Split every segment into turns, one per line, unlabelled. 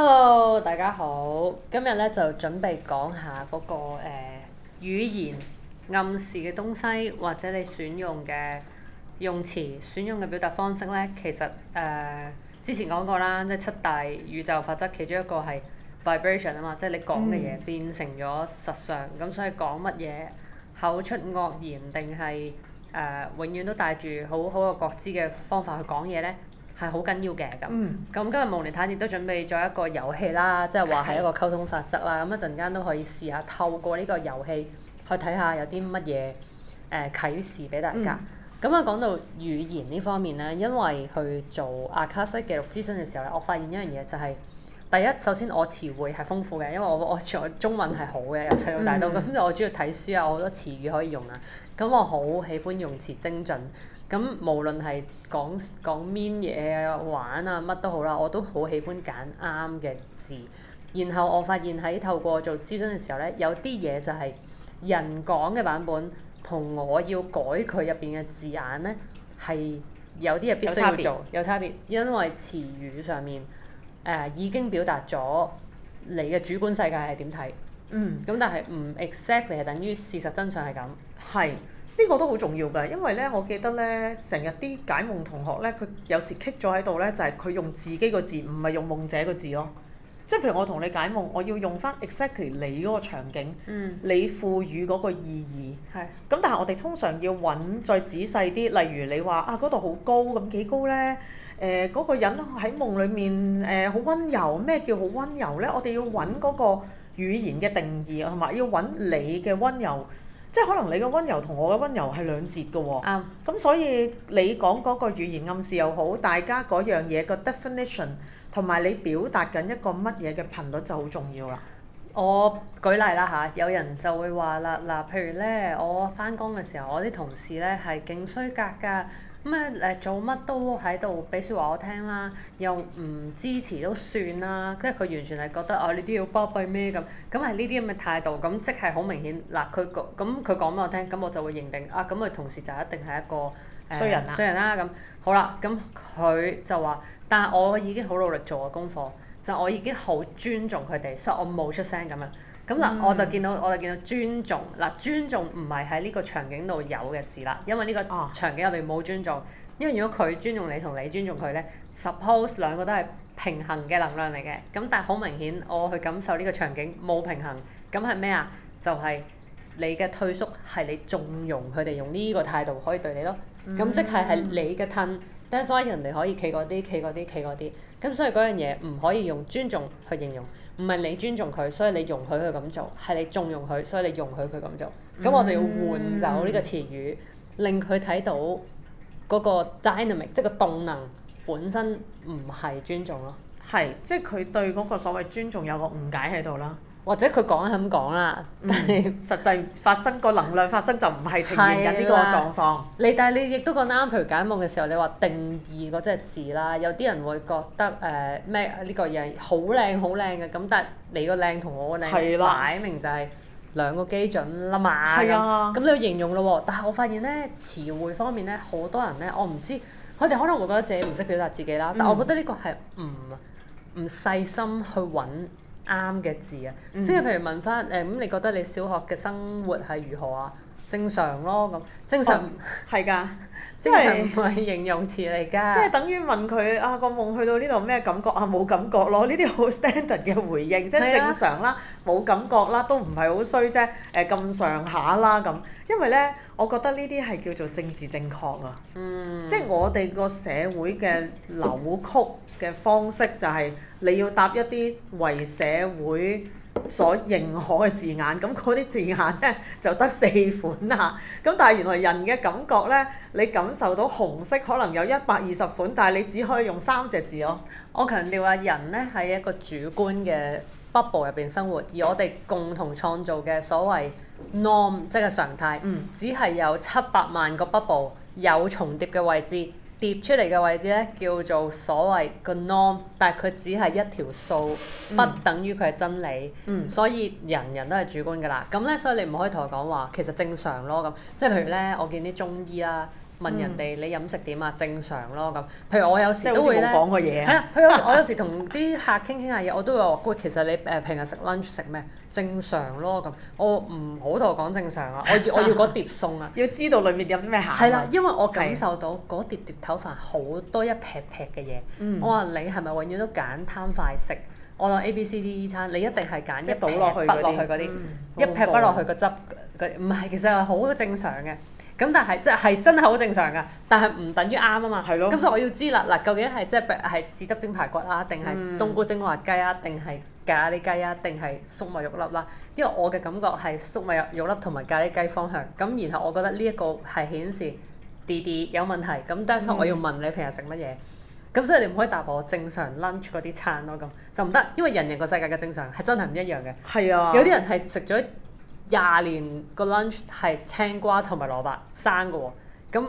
Hello，大家好。今日咧就準備講下嗰、那個誒、呃、語言暗示嘅東西，或者你選用嘅用詞、選用嘅表達方式咧，其實誒、呃、之前講過啦，即係七大宇宙法則其中一個係 vibration 啊嘛，即係你講嘅嘢變成咗實相。咁、mm. 嗯、所以講乜嘢口出惡言定係誒永遠都帶住好好有覺知嘅方法去講嘢咧？係好緊要嘅咁，咁、嗯、今日夢妮妲亦都準備咗一個遊戲啦，即係話係一個溝通法則啦。咁一陣間都可以試下透過呢個遊戲去睇下有啲乜嘢誒啟示俾大家。咁啊講到語言呢方面咧，因為去做阿卡西記錄諮詢嘅時候咧，我發現一樣嘢就係、是、第一，首先我詞彙係豐富嘅，因為我我，我中文係好嘅，由細到大到咁、嗯，我鍾意睇書啊，好多詞語可以用啊，咁我好喜歡用詞精準。咁無論係講講 mean 嘢、玩啊乜都好啦，我都好喜歡揀啱嘅字。然後我發現喺透過做諮詢嘅時候呢，有啲嘢就係人講嘅版本同我要改佢入邊嘅字眼呢，係有啲嘢必須要做，有差，有差別，因為詞語上面誒、呃、已經表達咗你嘅主觀世界係點睇。
嗯。咁、
嗯、但係唔 exactly 係等於事實真相係咁。係。呢個都好重要㗎，因為咧，我記得咧，成日啲
解夢同學咧，佢有時棘咗喺度咧，就係、是、佢用自己個字，唔係用夢者個字咯。即係譬如我同你解夢，我要用翻 exactly 你嗰個場景，嗯、你賦予嗰個意義。咁是但係我哋通常要揾再仔細啲，例如你話啊嗰度好高咁，幾高咧？誒、呃、嗰、嗰個人喺夢裡面誒好、呃、温柔，咩叫好温柔咧？我哋要揾嗰個語言嘅定義，同埋要揾你嘅温柔。即係可能你嘅温柔同我嘅温柔係兩截嘅喎，咁、嗯、所以你講嗰個語言暗示又好，大家嗰樣嘢個 definition 同埋你表達緊一
個乜嘢嘅頻率就好重要啦。我舉例啦嚇，有人就會話啦，嗱，譬如咧，我翻工嘅時候，我啲同事咧係勁衰格㗎。咁咧誒做乜都喺度俾説話我聽，啊、啦，又唔支持都算啦，即係佢完全係覺得啊呢啲要巴閉咩咁，咁係呢啲咁嘅態度，咁即係好明顯嗱，佢講咁佢講俾我聽，咁我就會認定啊咁佢同事就一定係一個呃、衰人衰人啦咁，好啦，咁佢就話，但係我已經好努力做嘅功課，就是，我已經好尊重佢哋，所以我冇出聲咁樣。咁嗱，嗯、我就見到，我就見到尊重。嗱，尊重唔係喺呢個場景度有嘅字啦，因為呢個場景入邊冇尊重。因為如果佢尊重你，同你尊重佢咧，suppose 兩個都係平衡嘅能量嚟嘅。咁但係好明顯，我去感受呢個場景冇平衡。咁係咩啊？就係、是、你嘅退縮係你縱容佢哋用呢個態度可以對你咯。咁即係係你嘅吞、嗯，因為所以人哋可以企嗰啲，企嗰啲，企嗰啲。咁所以嗰樣嘢唔可以用尊重去形容。唔係你尊重佢，所以你容許佢咁做，係你縱容佢，所以你容許佢咁做。咁我就要換走呢個詞語，嗯、令佢睇到嗰個 dynamic，即係個動能本身唔係尊重咯。係，即係佢對嗰個所謂尊重有個誤解喺度啦。或者佢講係咁講啦，但係、嗯、實際
發生個能量發生就唔係呈現緊呢個狀況。
你但係你亦都講得啱，譬如解夢嘅時候，你話定義嗰隻字啦，有啲人會覺得誒咩呢個嘢好靚好靚嘅，咁但係你個靚同我個靚的擺明就係兩個基準啦嘛。係啊的，咁你要形容咯喎，但係我發現咧，詞彙方面咧，好多人咧，我唔知佢哋可能會覺得自己唔識表達自己啦，嗯、但我覺得呢個係唔唔細心去揾。啱嘅字啊，即係譬如問翻誒，咁、嗯嗯、你覺得你小學嘅生活係如何啊？正常咯，咁正常係㗎，即係唔係、
哦、 形容詞嚟㗎、就是。即係等於問佢啊，個夢去到呢度咩感覺啊？冇感覺咯，呢啲好 standard 嘅回應，即係正常啦，冇感覺啦，都唔係好衰啫。誒、啊、咁上下啦咁，因為咧，我覺得呢啲係叫做政治正確啊。嗯。即係我哋個社會嘅扭曲嘅方式就係你要答一啲為社會所認可嘅字眼，咁嗰啲字眼呢就得四款啦。咁但係原來人嘅感覺呢，你感受到紅色可
能有一百二十款，但係你只可以用三隻字咯。我，我強調話，人呢喺一個主觀嘅 bubble 入邊生活，而我哋共同創造嘅所謂 norm 即係常態，嗯，只係有七百萬個 bubble 有重疊嘅位置。疊出嚟嘅位置咧，叫做所謂個 norm，但係佢只係一條數，嗯、不等於佢係真理。嗯、所以人人都係主觀㗎啦。咁咧，所以你唔可以同我講話，其實正常咯。咁即係譬如咧，嗯、我見啲中醫啦、啊。問人哋你飲食點啊？正常咯咁。譬如我有時都會咧，係啊，啊，佢有我有時同啲客傾傾下嘢， 我都會話：喂，其實你誒平日食 lunch 食咩？正常咯咁。我唔好同我講正常啊！我我要嗰碟餸啊！要知道裡面有啲咩餡。係啦、啊，因為我感受到嗰碟碟頭飯好多一撇撇嘅嘢。嗯、我話你係咪永遠都揀貪快食？我話 A、B、C、D、e、餐，你一定係揀一撇不落去啲，一劈不落去個汁。唔、那、係、個，其實係好正常嘅。嗯咁但係即係真係好正常噶，但係唔等於啱啊嘛。咁是的 所以我要知啦，嗱究竟係即係係豉汁蒸排骨啊，定係冬菇蒸滑雞啊，定係咖喱雞啊，定係粟米肉粒啦、啊？因為我嘅感覺係粟米肉粒同埋咖喱雞方向。咁然後我覺得呢一個係顯示啲啲有問題。咁但係所以我要問你平日食乜嘢？咁、嗯、所以你唔可以答我正常 lunch 嗰啲餐咯。咁就唔得，因為人人個世界嘅正常係真係唔一樣嘅。係啊。有啲人係食咗廿年個 lunch 係青瓜同埋蘿蔔生嘅喎，咁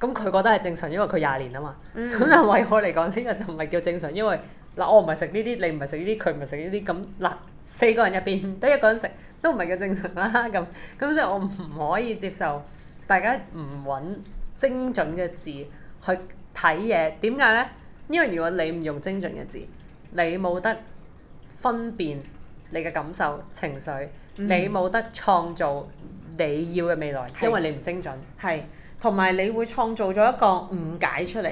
咁佢覺得係正常，因為佢廿年啊嘛。咁但係為我嚟講，呢個就唔係叫正常，因為嗱我唔係食呢啲，你唔係食呢啲，佢唔係食呢啲，咁嗱四個人入邊得一個人食，都唔係叫正常啦。咁咁所以，我唔可以接受大家唔揾精準嘅字去睇嘢。點解呢？因為如果你唔用精準嘅字，你冇得分辨你嘅感受情緒。你冇得創造你要嘅未來，是因為你唔精準，係，同埋你會創造咗一個誤
解出嚟，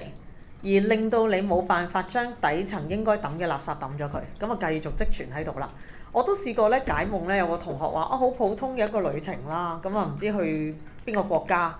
而令到你冇辦法將底層應該抌嘅垃圾抌咗佢，咁啊繼續積存喺度啦。我都試過咧解夢咧，有個同學話啊好普通嘅一個旅程啦，咁啊唔知去邊個國家，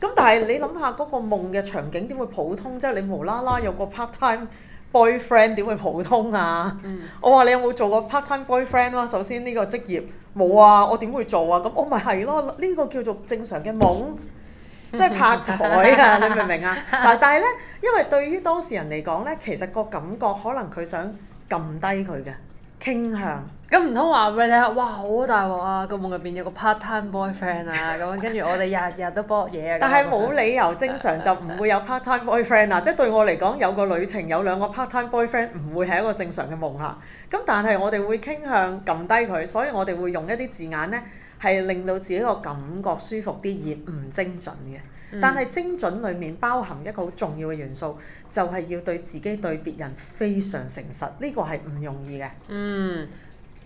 咁但係你諗下嗰個夢嘅場景點會普通，即係你無啦啦有個 part time。Boyfriend 點會普通啊？嗯、我話你有冇做過 part time boyfriend 啊？首先呢個職業冇啊，我點會做啊？咁我咪係咯，呢、就是這個叫做正常嘅夢， 即係拍台啊，你明唔明啊？嗱、 啊，但係咧，因為對於當事人嚟講咧，其實個感覺可能佢想撳低佢嘅。傾向
咁唔通話俾你睇下，哇好大鑊啊！個夢入邊有個 part-time boyfriend 啊，咁 跟住我哋日日都搏嘢、啊、但係冇理由正常就唔會有
part-time boyfriend 啊！ 即係對我嚟講，有個旅程有兩個 part-time boyfriend 唔會係一個正常嘅夢啦、啊。咁但係我哋會傾向撳低佢，所以我哋會用一啲字眼呢，係令到自己個感覺舒服啲、嗯、而唔精準嘅。但係精準裏面包含一個好重要嘅元素，就係、是、要對自己對別人非常誠實，呢、這個係唔容易
嘅。嗯，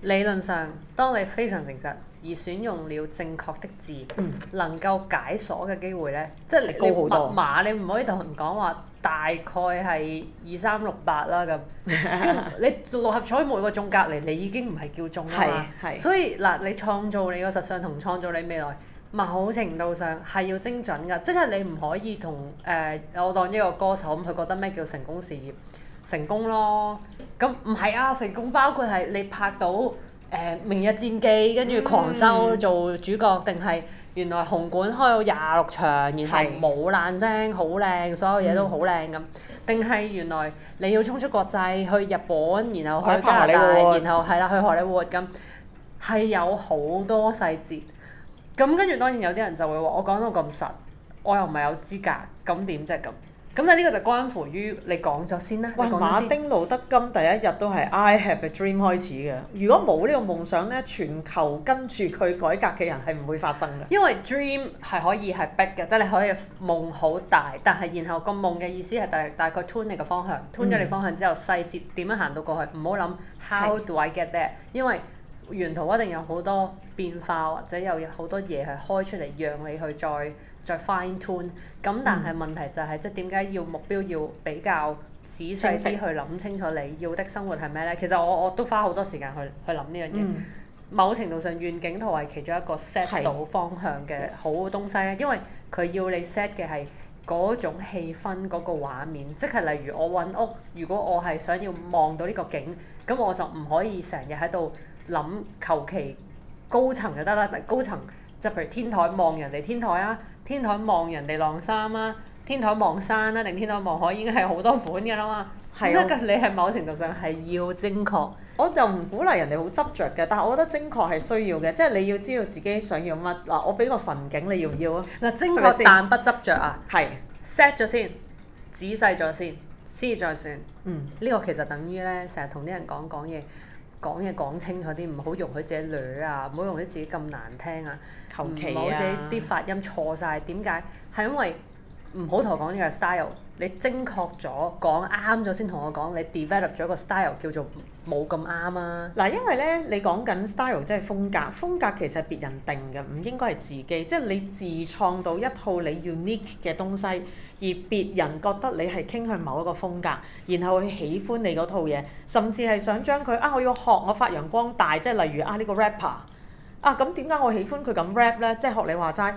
理論上，當你非常誠實而選用了正確的字，嗯、能夠解鎖嘅機會呢，即係你，你密碼，你唔可以同人講話大概係二三六八啦咁。 跟住你六合彩每個中隔離，你已經唔係叫中啦。係、係。所以嗱，你創造你個實相同創造你未來，某程度上係要精準嘅，即係你唔可以同誒、呃、我當一個歌手咁，佢覺得咩叫成功，事業成功咯？咁唔係啊，成功包括係你拍到誒、呃《明日戰記》跟住狂收做主角，定係、嗯、原來紅館開到廿六場，然後冇爛聲好靚，所有嘢都好靚咁，定係、嗯、原來你要衝出國際去日本，然後去加拿大，然後係啦去荷里活咁，係有好多細節。咁跟住當然有啲人就會話：我講到咁實，我又唔係有資格，咁點啫？咁咁但呢個就關乎於你講咗先啦。喂，馬丁路德金第一日都係 I have
a dream 開始嘅。如果冇呢個夢想呢，全球跟住佢改革嘅人係唔會發生嘅。因
為 dream 係可以係逼嘅，即係你可以夢好大，但係然後個夢嘅意思係大大概 turn 你嘅方向，turn 咗你方向之後細節點樣行到過去，唔好諗 how do I get there 因為沿途一定有好多變化，或者有好多嘢係開出嚟，讓你去再再 fine tune。咁但係問題就係、是，嗯、即係點解要目標要比較仔細啲去諗清楚你要的生活係咩呢？其實我我都花好多時間去去諗呢樣嘢。嗯、某程度上，願景圖係其中一個 set 到方向嘅好東西咧，是因為佢要你 set 嘅係嗰種氣氛、嗰、嗰個畫面，即係例如我揾屋，如果我係想要望到呢個景，咁我就唔可以成日喺度。諗求其高層就得啦，高層就譬如天台望人哋天台啊，天台望人哋晾衫啊，天台望山啊，定天台望海已經係好多款嘅啦嘛。即係的、嗯、你係某程度上係要精確。
我就唔鼓勵人哋好執着嘅，但係我覺得精確係需要嘅，即係、嗯、你要知道自己想要乜
嗱。我俾個墳景你要唔要啊？嗱、嗯，精確但不執着啊。係是 set 咗先，仔細咗先，先至再算。嗯，呢個其實等於咧，成日同啲人講講嘢。講嘢講清楚啲，唔好容許自己女啊，唔好容許自己咁難聽啊，求其唔好自己啲發音錯晒。點解？係因為。唔好同我講呢個 style，你精確咗講啱咗先同我講，你 develop 咗個 style 叫做冇咁
啱啊！嗱，因為呢，你講緊 style 即係風格，風格其實係別人定嘅，唔應該係自己。即係你自創到一套你要 unique 嘅東西，而別人覺得你係傾向某一個風格，然後佢喜歡你嗰套嘢，甚至係想將佢啊我要學我發揚光大，即係例如啊呢個 rapper 啊咁點解我喜歡佢咁 rap 呢？即係學你話齋。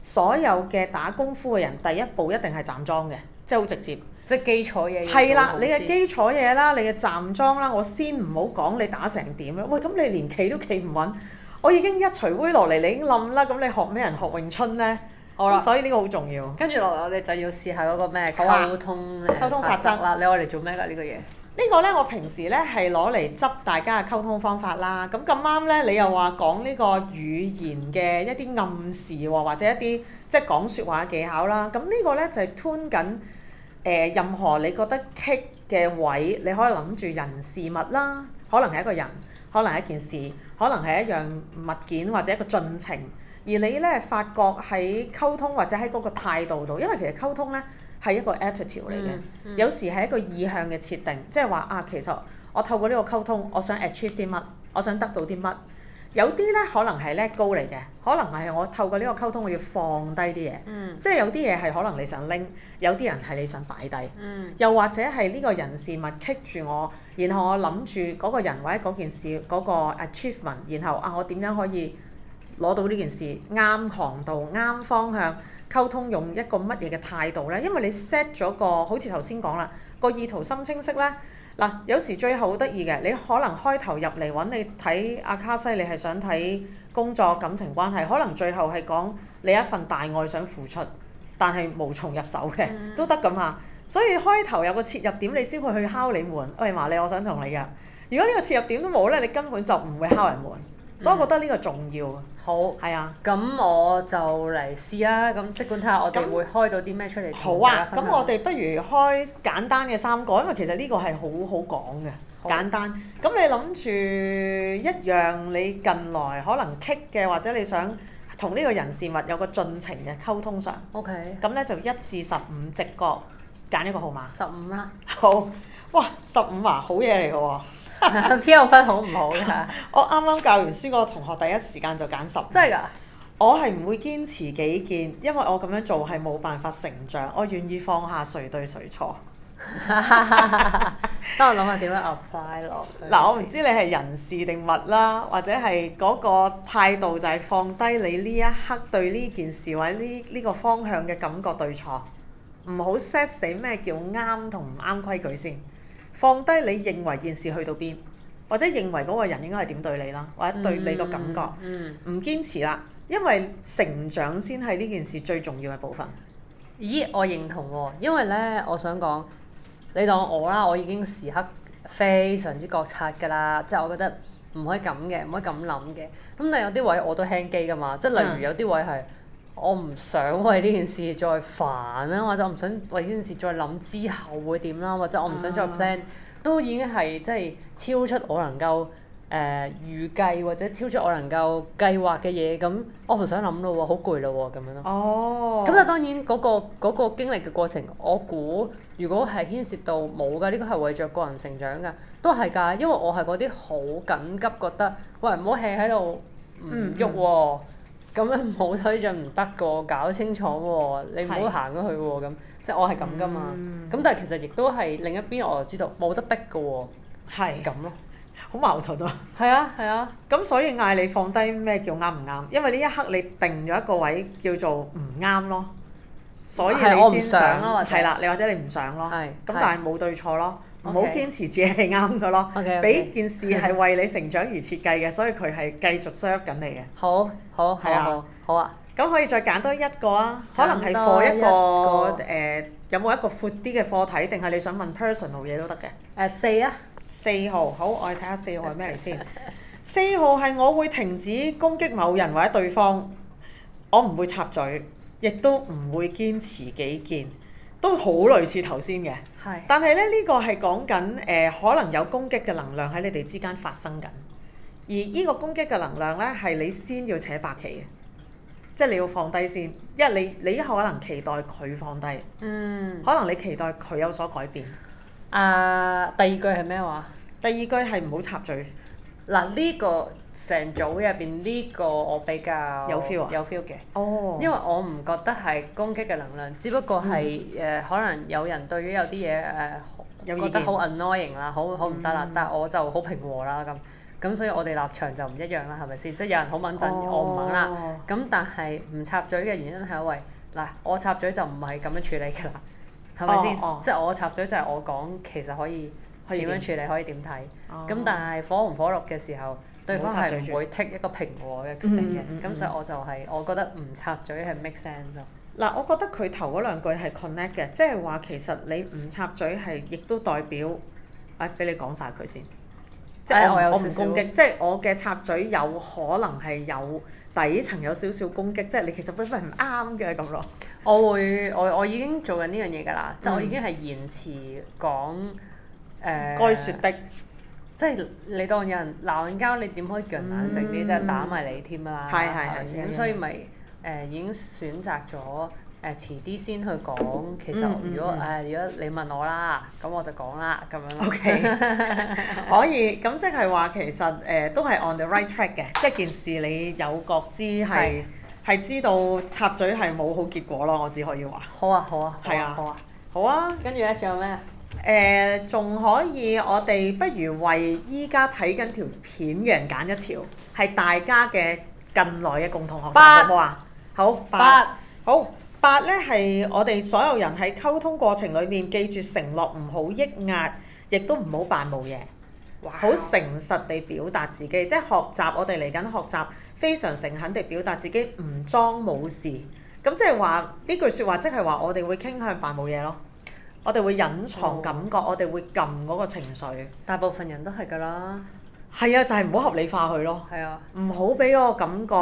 所有嘅打功夫嘅人，第一步一定係站樁嘅，即係好直接。即係基礎嘢。係啦，你嘅基礎嘢啦，你嘅站樁啦，我先唔好講你打成點啦。喂，咁你連企都企唔穩，我已經一捶灰落嚟，你已經冧啦。咁你學咩人學詠春咧？好啦，所以呢個好重要。
跟住落嚟，我哋就要試下嗰個咩溝通、啊、溝通法則
啦。你愛嚟做咩㗎？呢個嘢？呢個呢，我平時呢係攞嚟執大家嘅溝通方法啦。咁咁啱呢，你又話講呢個語言嘅一啲暗示喎，或者一啲即係講説話嘅技巧啦。咁呢個呢，就係 turn 緊任何你覺得棘嘅位，你可以諗住人事物啦，可能係一個人，可能係一件事，可能係一樣物件或者一個進程。而你呢，發覺喺溝通或者喺嗰個態度度，因為其實溝通呢。係一個 attitude 嚟嘅，嗯嗯、有時係一個意向嘅設定，即係話啊，其實我透過呢個溝通，我想 achieve 啲乜，我想得到啲乜。有啲呢可能係個 goal 嚟嘅，可能係我透過呢個溝通，我要放低啲嘢。嗯、即係有啲嘢係可能你想拎，有啲人係你想擺低。嗯、又或者係呢個人事物棘住我，然後我諗住嗰個人或者嗰件事嗰、嗰個 achievement，然後啊，我點樣可以？攞到呢件事，啱航道、啱方向，溝通用一個乜嘢嘅態度呢？因為你 set 咗個，好似頭先講啦，個意圖心清晰呢。嗱，有時最後好得意嘅，你可能開頭入嚟揾你睇阿卡西，你係想睇工作、感情關係，可能最後係講你一份大愛想付出，但係無從入手嘅、嗯、都得咁啊。所以開頭有個切入點，你先會去敲你門。嗯、喂，麻利，我想同你約。如果呢個
切入點都冇呢，你根本就唔會敲人門。所以我覺得呢個重要。嗯、好。係啊。咁、嗯、我就嚟試啊！咁即管睇下我哋會開到啲咩出嚟。好啊！咁我哋不如開簡單嘅三個，因為其實呢個係好好講嘅，好簡單。咁
你諗住一樣你近來可能棘嘅，或者你想同呢個人事物有個盡情嘅溝通上。O Okay K。咁呢就一至十五直覺揀一個號碼。十五啦。好。哇！十五啊，好嘢嚟㗎喎。P. 我 分好唔好噶？我啱啱教完書，個同學第一時間就揀十。即係㗎？我係唔會堅持己見，因為我咁樣做係冇辦法成長。我願意放下誰對誰錯。等我諗下點樣 apply 咯？嗱，我唔知你係人事定物啦，或者係嗰個態度，就係放低你呢一刻對呢件事或者呢呢個方向嘅感覺對錯，唔好 set 死咩叫啱同唔啱規矩先。放低你認為件事去到邊，或者認為嗰個人應該係點對你啦，或者對你個感覺，嗯嗯、唔堅持啦，因為
成長先係
呢件事最重要嘅部分。
咦，我認同喎、哦，因為呢，我想講，你當我啦，我已經時刻非常之覺察㗎啦，即、就、係、是、我覺得唔可以咁嘅，唔可以咁諗嘅。咁但係有啲位我都輕機㗎嘛，即係、嗯、例如有啲位係。我唔想為呢件事再煩啊，或者我唔想為呢件事再諗之後會點啦，或者我唔想再 plan，、uh huh. 都已經係即係超出我能夠誒、呃、預計或者超出我能夠計劃嘅嘢，咁我唔想諗嘞，好攰嘞，咁樣咯。哦。咁啊，當然嗰、那個嗰、那個經歷嘅過程，我估如果係牽涉到冇㗎，呢、這個係為著個人成長㗎，都係㗎，因為我係啲好緊急覺得，喂唔好 hea 喺度唔喐咁樣冇推進唔得噶喎，搞清楚喎，你唔好行咗去喎，咁是即係我係咁噶嘛。咁、嗯、但係其實亦都係另一邊，我就知道冇得逼噶喎，係咁咯，
好矛盾啊。係啊，係啊。咁所以嗌你放低咩叫啱唔啱？因為呢一刻你定咗一個位叫做唔啱咯，所以你先想係、啊、啦，啦，你或者你唔想咯。係、啊，咁、啊、但係冇對錯咯。唔好 Okay. 堅持自己係啱嘅咯，俾 Okay, okay. 件事係為你成長而設計嘅， 所以佢係繼續 serve 緊你嘅。好，好，係啊好，好啊，咁可以再揀多一個啊？個可能係課一個誒個、呃，有冇一個闊啲嘅課題？定係你想問 personal 嘢都得嘅。誒四、uh, 啊，四號好，我哋睇下四號係咩嚟先。四 號係我會停止攻擊某人或者對方，我唔會插嘴，亦都唔會堅持己見。都好類似頭先嘅，是但係咧呢、呢個係講緊誒，可能有攻擊嘅能量喺你哋之間發生緊，而呢個攻擊嘅能量呢，係你先要扯白旗嘅，即係你要放低先，因為你你可能期待佢放低，嗯，可能你期待佢有所改變。
啊，第二句係咩話？
第二句係唔好插嘴。
嗱、啊，呢、呢個。成組入邊呢個我比較有 feel 嘅、啊，oh. 因為我唔覺得係攻擊嘅能量，只不過係誒、mm. 呃、可能有人對於有啲嘢誒覺得好 annoying 啦，好好唔得啦，mm. 但係我就好平和啦咁咁，所以我哋立場就唔一樣啦，係咪先？即係有人好敏陣，oh. 我唔敏啦。咁但係唔插嘴嘅原因係因為嗱，我插嘴就唔係咁樣處理㗎啦，係咪先？Oh. Oh. 即係我插嘴就係我講，其實可以點樣處理，可以點睇。咁、oh. 但係火紅火綠嘅時候。對方係唔會剔一個蘋果嘅嘅、嗯，咁、嗯嗯、所以我就係我覺得唔插嘴係 make sense 咯。嗱，我覺得佢頭嗰兩句係 connect 嘅，即係話其
實你唔插嘴係亦都代表。阿、哎、畀，你講晒佢先。
即係我唔、哎、攻擊，
即係我嘅插嘴有可能係有底層有少少
攻擊，即係你其實部分唔啱嘅咁咯。我會，我我已經做緊呢樣嘢㗎啦，嗯、就我已經係延遲講誒、呃、該説的。即係你當有人鬧人交，你點可以叫人冷靜啲？即係打埋你添啦，係咪先？咁所以咪誒已經選擇咗誒遲啲先去講。其實如果誒，如果你問我啦，咁我就講啦，咁樣。OK。可以。咁即
係話其實誒都係 on the right track 嘅，即係件事你有覺知係係知道插嘴係冇好結果咯。我只可以話。好啊好啊。係啊。好啊。跟住咧，仲有咩？誒，仲、呃、可以，我哋不如為依家睇緊條片嘅人揀一條，係大家嘅近來嘅共同學習，八好冇啊？好八,八好八咧，係我哋所有人喺溝通過程裏面，記住承諾唔好抑壓，亦都唔好扮冇嘢，好哇誠實地表達自己。即係學習，我哋嚟緊學習，非常誠懇地表達自己，唔裝冇事。咁即係話呢句説話，即係話我哋會傾向扮冇嘢咯。我哋會隱藏感覺，哦、我哋會撳嗰個情緒。大部分人都係㗎啦。係啊，就係唔好合理化佢咯。係啊。唔好俾個感覺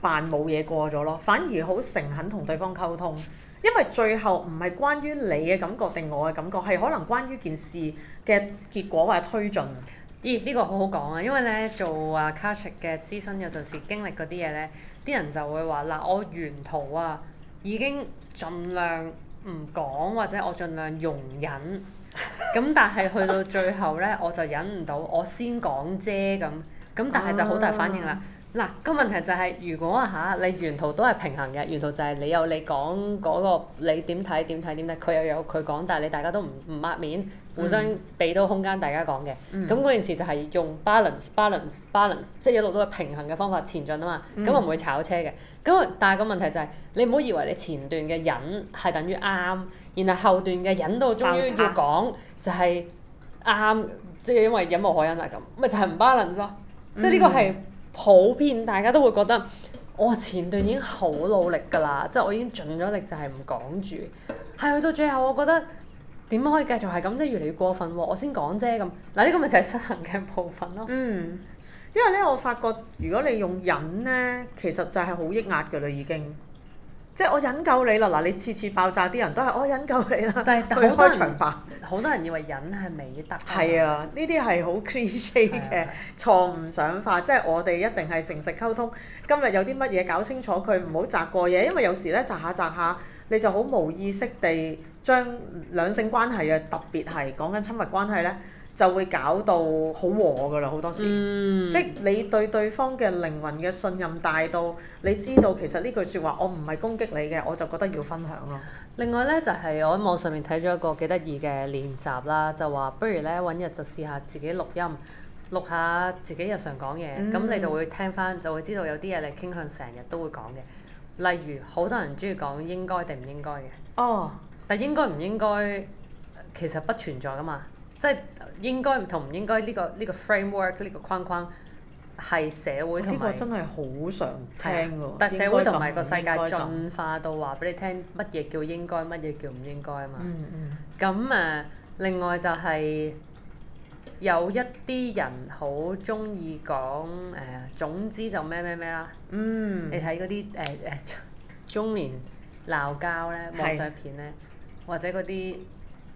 扮冇嘢過咗咯，反而好誠懇同對方溝通。因為最後唔係關於你嘅感覺定我嘅感覺，係可能關於件事嘅結果或者推進。
咦？呢個好好講啊，因為咧做啊 catch 嘅諮詢有陣時經歷嗰啲嘢咧，啲人就會話：嗱，我沿途啊已經盡量。唔講，或者我盡量容忍，咁 但係去到最後呢，我就忍唔到，我先講啫。咁，咁但係就好大反應啦。嗱、個問題就係、係，如果嚇、啊、你沿途都係平衡嘅，沿途就係你有你講嗰、嗰個，你點睇點睇點睇，佢又有佢講，但係你大家都唔唔抹面，互相俾到空間大家講嘅，咁嗰、嗯、件事就係用 balance balance balance，即係一路都係平衡嘅方法前進啊嘛，咁唔會炒車嘅。咁、嗯、但係個問題就係、係，你唔好以為你前段嘅忍係等於啱，然後後段嘅忍到終於要講就係啱，即係因為忍無可忍啊咁，咪就係唔 balance 咯，即係呢個係。普遍大家都會覺得，我前段已經好努力㗎啦，嗯、即係我已經盡咗力就係唔講住，係去、嗯、到最後我覺得點可以繼續係咁即係越嚟越過分喎，我先講啫咁，嗱呢個咪就係失衡嘅部分
咯。嗯，因為咧我發覺如果你用忍呢，其實就係好抑壓㗎啦已經。即係我忍夠你啦！嗱，你次次爆炸啲人都係我、哦、忍夠你啦，但係佢開場白。好多人以為忍係美德。係啊，呢啲係好 cliche 嘅錯誤想法。啊、即係我哋一定係誠實溝通。今日有啲乜嘢搞清楚，佢唔好擲過嘢。因為有時咧擲下擲下，你就好冇意識地將兩性關係啊，特別係講緊親密關係咧。就會搞到好和㗎啦，好多時，嗯、即你對對方嘅靈魂嘅信任大到，你知道其實
呢句説話我唔係攻擊你嘅，我就覺得要分享咯。另外呢，就係、是、我喺網上面睇咗一個幾得意嘅練習啦，就話不如呢搵日就試下自己錄音，錄下自己日常講嘢，咁、嗯、你就會聽返，就會知道有啲嘢你傾向成日都會講嘅。例如好多人鍾意講應該定唔應該嘅。哦。但應該唔應該，其實不存在㗎嘛。即係應該唔同唔應該呢個呢個 framework 呢個框框，係社會同埋呢個真係好想聽㗎，的但係社會同埋個世界進化到話俾你聽乜嘢叫應該，乜嘢叫唔應該啊嘛。咁誒、嗯嗯，另外就係、係、有一啲人好中意講誒，總之就咩咩咩啦。嗯。你睇嗰啲誒誒中年鬧交咧，網上片咧，是或者嗰啲。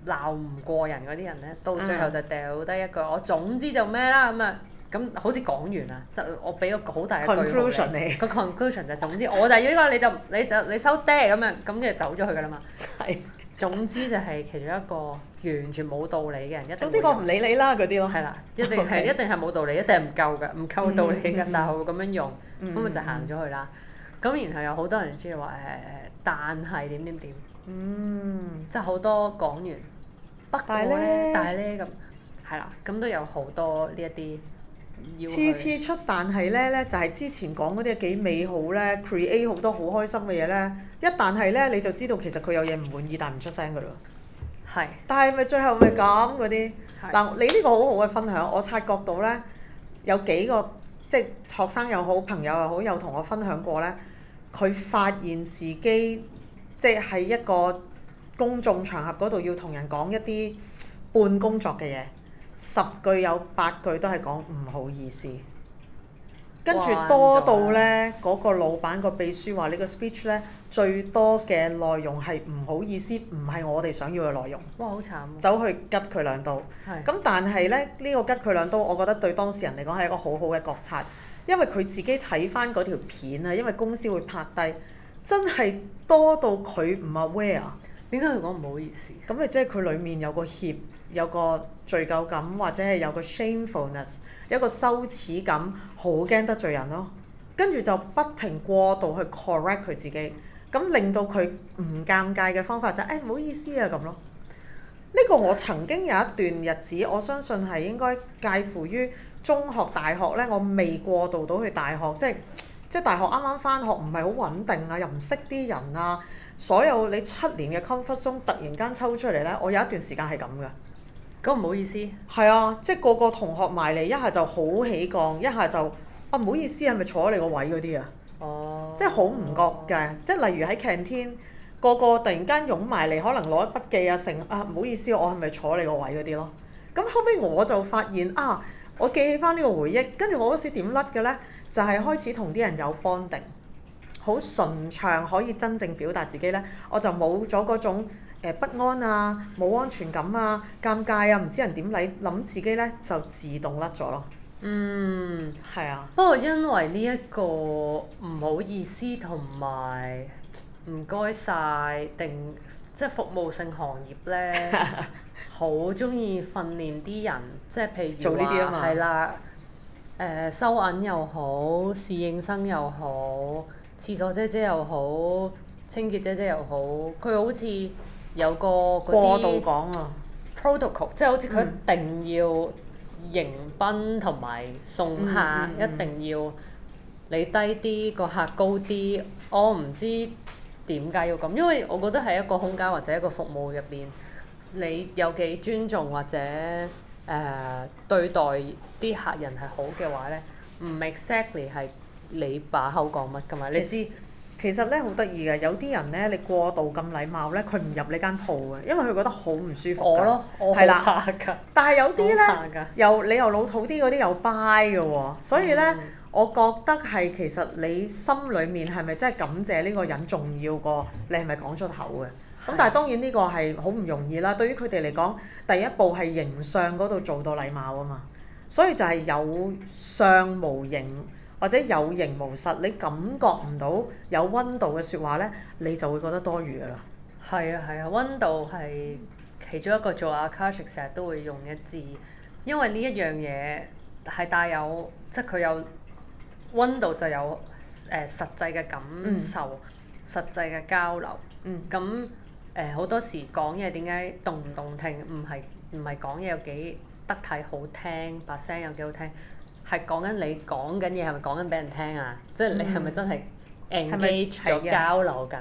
鬧唔過人嗰啲人咧，到最後就掉低一句，嗯、我總之就咩啦咁啊，咁好似講完啊，就我俾個好大嘅句號，個 conclusion 就總之我就要呢個，你就你就你收爹咁樣，咁就走咗去㗎啦嘛。係。總之就係、係、其中一個完全冇道理嘅人，一定會。總之我唔理你啦，嗰啲咯。係啦，一定係 Okay. 一定係冇道理，一定係唔夠㗎，唔夠道理㗎，嗯、但係會咁樣用，咁咪、嗯、就行咗去啦。咁然後有好多人中意話誒，但係點點點。嗯。即係好多講完。但係咧呢， 但係咧咁，係、嗯、啦，咁、嗯嗯嗯嗯、都有好多呢一啲，次次
出，但係咧咧就係、是、之前講嗰啲幾美好咧，create 好多好開心嘅嘢咧，一但係咧、嗯、你就知道其實佢有嘢唔滿意，但唔出聲㗎喇，係是。但係咪最後咪咁嗰啲？嗱，你呢個好好嘅分享，我察覺到咧，有幾個即係學生又好，朋友又好，有同我分享過咧，佢發現自己即係一個，公眾場合嗰度要同人講一啲半工作嘅嘢，十句有八句都係講唔好意思，跟住多到呢嗰了個老闆個秘書話：呢個 speech 咧最多嘅內容係唔好意思，唔係我哋想要嘅內容。
哇！好慘、啊、
走去拮佢兩刀。
咁是但係呢，
呢的個拮佢兩刀，我覺得對當事人嚟講係一個好好嘅覺察，因為佢自己睇翻嗰條片啊，因為公司會拍低，真係多到佢唔 aware 點解佢講唔好意思？咁咪即係佢裡面有個怯，有個罪疚感，或者係有個 shamefulness，有個羞恥感，好驚得罪人咯。跟住就不停過度去 correct 佢自己，咁令到佢唔尷尬嘅方法就係，哎，唔好意思啊咁咯。呢個我曾經有一段日子，我相信係應該介乎於中學、大學呢，我未過度到去大學，即係。即係大學啱啱返學，唔係好穩定啊，又唔識啲人啊，所有你七年嘅 comfort zone，突然間抽出嚟咧，我有一段時間係咁嘅。咁唔好意思。係啊，即係個個同學埋嚟，一下就好起降，一下就啊唔好意思，係咪坐你個位嗰啲啊？哦、oh。即係好唔覺嘅。即係例如喺 canteen，個個突然間湧埋嚟，可能攞筆記啊，成啊唔好意思，我係咪坐你個位嗰啲咯？咁後尾我就發現啊。我記起翻呢個回憶，跟住我嗰時點甩嘅呢，就係、是、開始同啲人有 bonding。好順暢可以真正表達自己呢，我就冇咗嗰種不安啊、冇安全感啊、尷尬啊，唔知人點理，諗自己呢，就自動甩咗咯。嗯，
係啊。不過因為呢一個唔好意思同埋唔該晒。定。即係服務性行業咧，好中意訓練啲人。即係譬如話，係啦，誒、呃、收銀又好，侍應生又好，嗯、廁所姐姐又好，清潔姐姐又好。佢好似有個嗰啲：「protocol，即係好似佢一定要迎賓同埋送客，嗯嗯嗯、一定要你低啲個客高啲。我唔知。點解要咁？因為我覺得喺一個空間或者一個服務入邊，你有幾尊重或者誒、呃、對待啲客人係好嘅話呢，唔 exactly 係你把口講乜噶嘛？你知其實，其
實呢好得意嘅，有啲人呢，你過度咁禮貌呢，佢唔入你間鋪嘅，因為佢覺得好唔舒
服。我咯，我好怕㗎。係啦，
但係有啲呢，又你又老土啲嗰啲又 buy 嘅喎，嗯、所以呢。嗯我覺得係，其實你心裏面係咪真係感謝呢個人，重要過你係咪講出口嘅？咁是、啊、但係當然呢個係好唔容易啦。對於佢哋嚟講，第一步係形上嗰度做到禮貌啊嘛。所以就係有相無形，或者有形無實，你感覺唔到有温
度嘅説話呢，你就會覺得多餘噶啦。係啊係啊，温度係其中一個做阿 k a s 成日都會用嘅字，因為呢一樣嘢係帶有即係佢有。温度就有誒、呃、實際嘅感受，嗯、實際嘅交流。咁誒好多時講嘢點解動唔動聽？唔係唔係講嘢有幾得體好聽，把聲有幾好聽？係講緊你講緊嘢係咪講緊俾人聽啊？嗯、即係你係咪真係 engage 交流緊？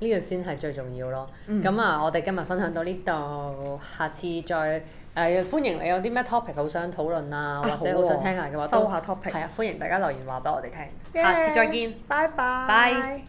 呢個先係最重要咯。咁、嗯、啊，我哋今日分享到呢度，下次再誒、呃、歡迎你有啲咩 topic 好想討論啊，哎、或者好想聽下嘅話、哎哦、收下 topic 都係啊、嗯，歡迎大家留言話俾我哋聽。Yeah, 下次再見，拜拜。